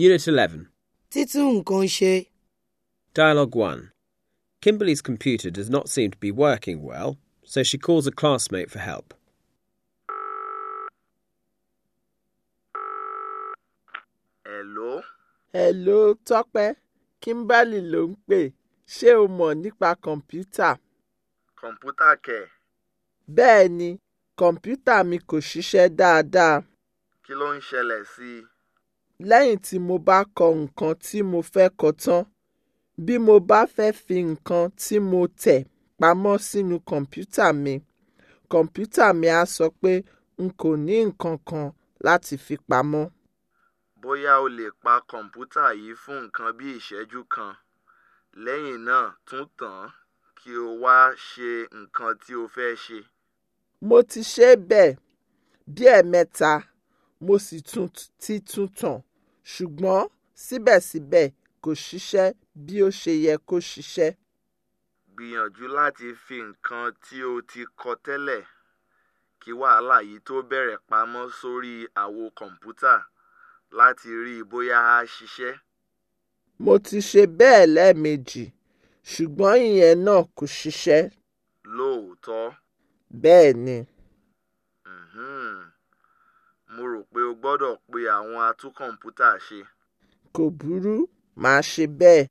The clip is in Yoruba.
Unit 11. Dialogue 1. Kimberly's computer does not seem to be working well, so she calls a classmate for help. Hello. Hello, Tọ́pẹ́. Kimberly ló ń Ṣé o mọ̀ nípa kọ̀ǹpútà? Kọ̀ǹpútà kẹ̀. Bẹ́ẹ̀ ni, kọ̀ǹpútà mi kò ṣiṣẹ́ dáadáa. Kí ló ń ṣẹlẹ̀ sí i? lẹ́yìn tí mo bá kọ nǹkan tí mo fẹ́ kọ tán bí mo bá fẹ́ fi nǹkan tí mo tẹ̀ pamọ́ sínú kọ̀ǹpútà mi kọ̀ǹpútà mi á sọ pé n kò ní nǹkan kan láti fi pamọ́. bóyá o lè pa kọ̀ǹpútà yìí fún nǹkan bí ìṣẹ́jú kan lẹ́yìn náà tún tàn án kí o wá ṣe nǹkan tí o fẹ́ ṣe. mo ti ṣe bẹ́ẹ̀ bí ẹ̀ẹ̀mẹta mo sì ti tún tàn ṣùgbọ́n síbẹ̀síbẹ̀ kò ṣiṣẹ́ bí ó ṣe yẹ kó ṣiṣẹ́. gbìyànjú láti fi nǹkan tí o ti kọ tẹ́lẹ̀ kí wàhálà yìí tó bẹ̀rẹ̀ pamọ́ sórí àwo kọ̀ǹpútà láti rí i bóyá á ṣiṣẹ́. mo ti ṣe bẹ́ẹ̀ lẹ́ẹ̀mejì ṣùgbọ́n ìyẹn náà kò ṣiṣẹ́. lóòótọ́. bẹ́ẹ̀ ni. pé o gbọ́dọ̀ pe àwọn atún kọ̀ǹpútà ṣe. kò burú màá ṣe bẹ́ẹ̀